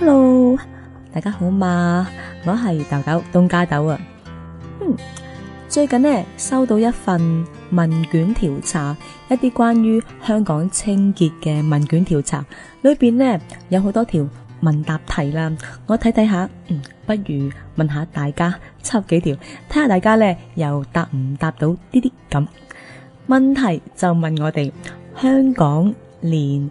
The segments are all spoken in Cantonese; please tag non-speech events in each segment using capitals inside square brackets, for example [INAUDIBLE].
Hello, 大家好嘛?我係豆豆,東加豆啊。嗯,最近呢,收到一份問卷調查,一啲關於香港清潔嘅問卷調查。裏面呢,有好多條問答題啦。我睇睇下,不如問下大家抽幾條,睇下大家呢,又答唔答到呢啲咁。問題就問我哋,香港連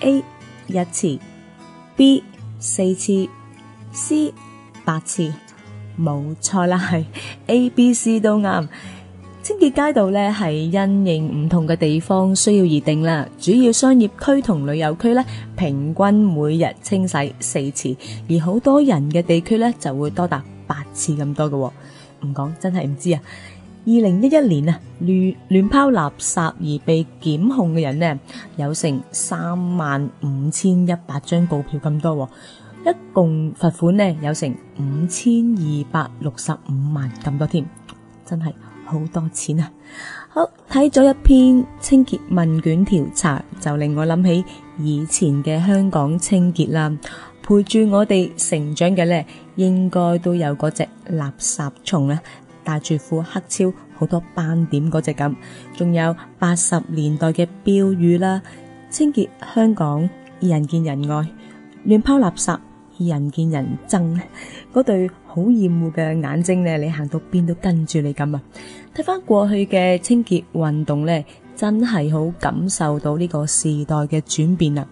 A 一次，B 四次，C 八次，冇錯啦，係 A、B、C 都啱。清潔街道呢係因應唔同嘅地方需要而定啦。主要商業區同旅遊區呢，平均每日清洗四次，而好多人嘅地區呢，就會多達八次咁多嘅。唔講真係唔知啊。二零一一年啊，亂亂拋垃圾而被檢控嘅人呢，有成三萬五千一百張告票咁多，一共罰款呢有成五千二百六十五萬咁多添，真係好多錢啊！好，睇咗一篇清潔問卷調查，就令我諗起以前嘅香港清潔啦。陪住我哋成長嘅呢，應該都有嗰隻垃圾蟲啦。大住副黑超好多斑點嗰隻咁，仲有八十年代嘅標語啦。清潔香港，人見人愛；亂拋垃圾，人見人憎。嗰對好厭惡嘅眼睛咧，你行到邊都跟住你咁啊！睇翻過去嘅清潔運動咧，真係好感受到呢個時代嘅轉變啊！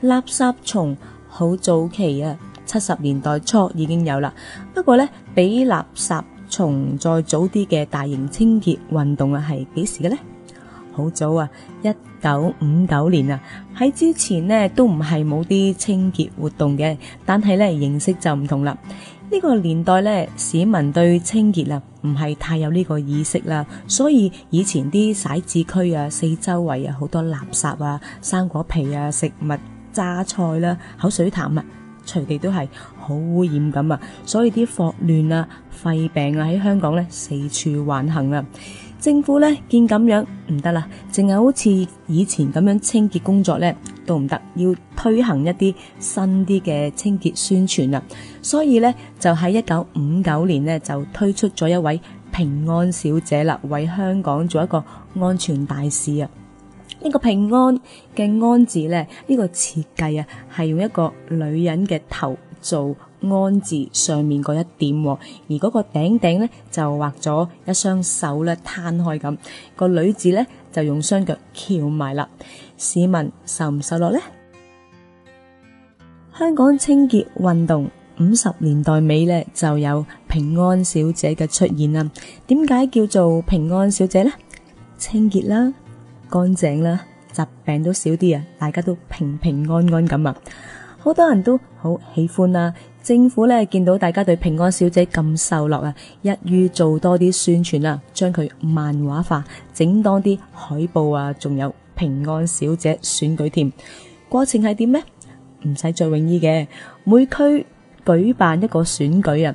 垃圾蟲好早期啊，七十年代初已經有啦，不過咧比垃圾。從再早啲嘅大型清潔運動啊，係幾時嘅呢？好早啊，一九五九年啊，喺之前呢，都唔係冇啲清潔活動嘅，但係呢形式，就唔同啦。呢、這個年代呢，市民對清潔啊唔係太有呢個意識啦，所以以前啲徙置區啊，四周圍啊好多垃圾啊、生果皮啊、食物榨菜啦、啊、口水痰物、啊。隨地都係好污染咁啊，所以啲霍亂啊、肺病啊喺香港咧四處橫行啊。政府咧見咁樣唔得啦，淨係好似以前咁樣清潔工作咧都唔得，要推行一啲新啲嘅清潔宣傳啊。所以咧就喺一九五九年呢，就推出咗一位平安小姐啦，為香港做一個安全大使啊。呢個平安嘅安字咧，呢、這個設計啊，係用一個女人嘅頭做安字上面嗰一點，哦，而嗰個頂頂咧就畫咗一雙手咧攤開咁，個女子呢，就用雙腳翹埋啦。市民受唔受落呢？香港清潔運動五十年代尾呢，就有平安小姐嘅出現啦。點解叫做平安小姐呢？清潔啦。乾淨啦，疾病都少啲啊！大家都平平安安咁啊，好多人都好喜歡啊。政府呢，見到大家對平安小姐咁受落啊，一於做多啲宣傳啊，將佢漫畫化，整多啲海報啊，仲有平安小姐選舉添。過程係點呢？唔使着泳衣嘅，每區舉辦一個選舉啊。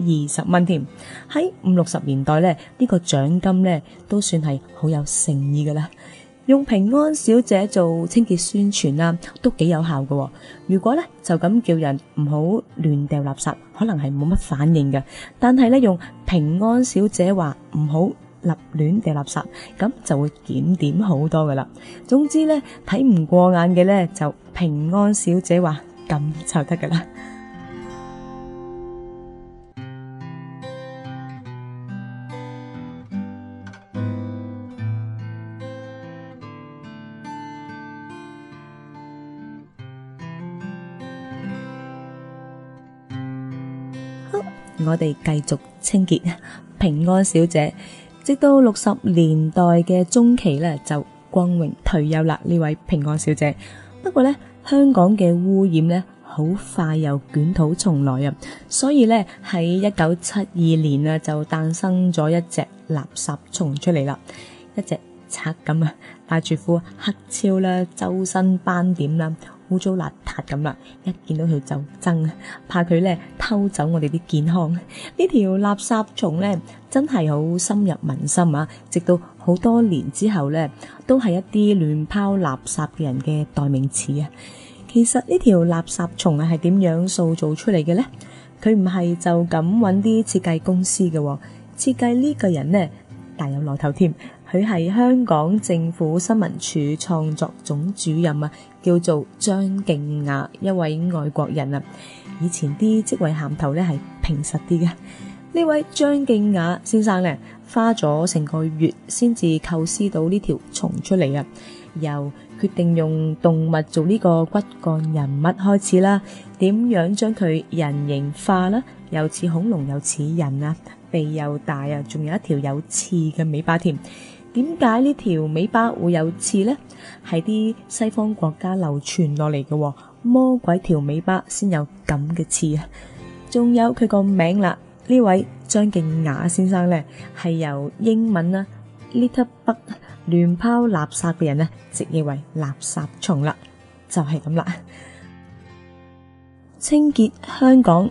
二十蚊添，喺五六十年代咧，呢個獎金咧都算係好有誠意噶啦。用平安小姐做清潔宣傳啊，都幾有效噶。如果咧就咁叫人唔好亂掉垃圾，可能係冇乜反應噶。但係咧用平安小姐話唔好立亂掉垃圾，咁就會檢點好多噶啦。總之咧睇唔過眼嘅咧就平安小姐話咁就得噶啦。我哋繼續清潔平安小姐，直到六十年代嘅中期呢，就光榮退休啦。呢位平安小姐，不過呢，香港嘅污染呢，好快又捲土重來啊！所以呢，喺一九七二年呢，就誕生咗一隻垃圾蟲出嚟啦，一隻賊咁啊，戴住副黑超啦，啊，周身斑點啦，啊。污糟邋遢咁啦，一見到佢就憎，怕佢咧偷走我哋啲健康。呢 [LAUGHS] 條垃圾蟲呢，真係好深入民心啊！直到好多年之後呢，都係一啲亂拋垃圾嘅人嘅代名詞啊！其實呢條垃圾蟲啊，係點樣塑造出嚟嘅呢？佢唔係就咁揾啲設計公司嘅、啊，設計呢個人呢，大有來頭添。佢係香港政府新聞處創作總主任啊，叫做張敬雅，一位外國人啊。以前啲職位銜頭咧係平實啲嘅。呢位張敬雅先生咧，花咗成個月先至構思到呢條蟲出嚟啊。由決定用動物做呢個骨幹人物開始啦，點樣將佢人形化啦？又似恐龍又似人啊，鼻又大啊，仲有一條有刺嘅尾巴添。點解呢條尾巴會有刺呢？係啲西方國家流傳落嚟嘅，魔鬼條尾巴先有咁嘅刺啊！仲有佢個名啦，呢位張敬雅先生呢，係由英文啊，litterbug 亂拋垃圾嘅人呢，直譯為垃圾蟲啦，就係咁啦，清潔香港。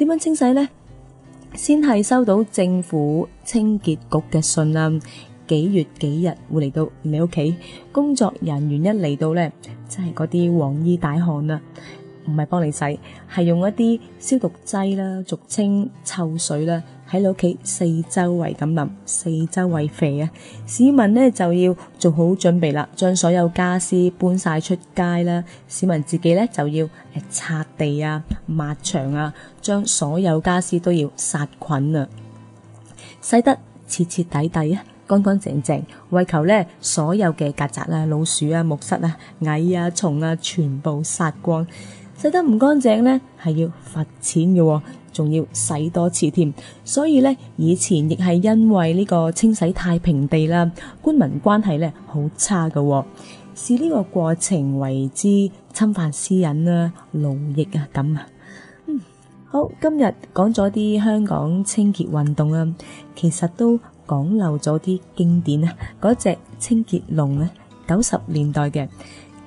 點樣清洗呢？先係收到政府清潔局嘅信啦，幾月幾日會嚟到你屋企。工作人員一嚟到呢，真係嗰啲黃衣大漢啦，啊！唔係幫你洗，係用一啲消毒劑啦，俗稱臭水啦，喺你屋企四周圍咁淋，四周圍肥啊！市民呢就要做好準備啦，將所有家私搬晒出街啦。市民自己呢就要誒擦地啊、抹牆啊，將所有家私都要殺菌啊，洗得徹徹底底啊，乾乾淨淨，為求呢所有嘅曱甴啊、老鼠啊、木虱啊、蟻啊、蟲啊，全部殺光。洗得唔乾淨呢係要罰錢嘅，仲要洗多次添。所以呢，以前亦係因為呢個清洗太平地啦，官民關係呢好差嘅，視呢個過程為之侵犯私隱啊、奴役啊咁啊。嗯，好，今日講咗啲香港清潔運動啊，其實都講漏咗啲經典啊，嗰隻清潔龍呢，九十年代嘅。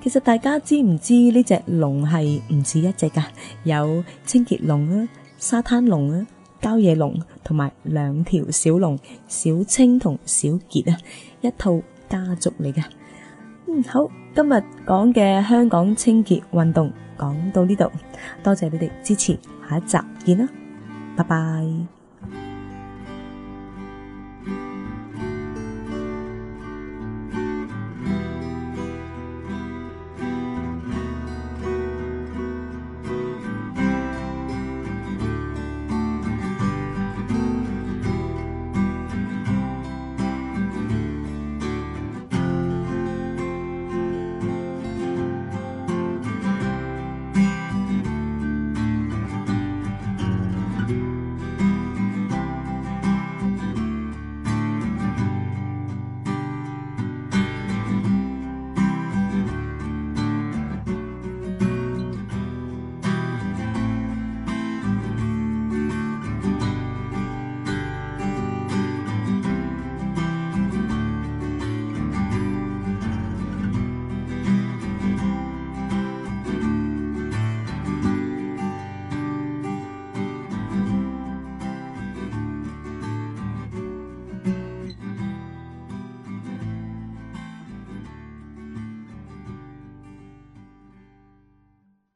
其實大家知唔知呢隻龍係唔止一隻㗎？有清潔龍啊、沙灘龍啊、郊野龍同埋兩條小龍小青同小杰啊，一套家族嚟㗎。嗯，好，今日講嘅香港清潔運動講到呢度，多謝你哋支持，下一集見啦，拜拜。